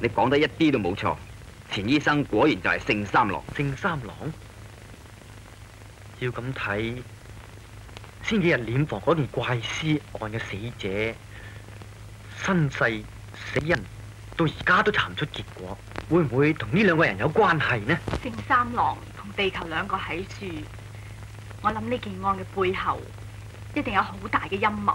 你講得一啲都冇錯，錢醫生果然就係聖三郎。聖三郎，照咁睇，先幾日殮房嗰件怪屍案嘅死者身世、死因，到而家都查唔出結果，會唔會同呢兩個人有關係呢？聖三郎同地球兩個喺處，我諗呢件案嘅背後一定有好大嘅陰謀。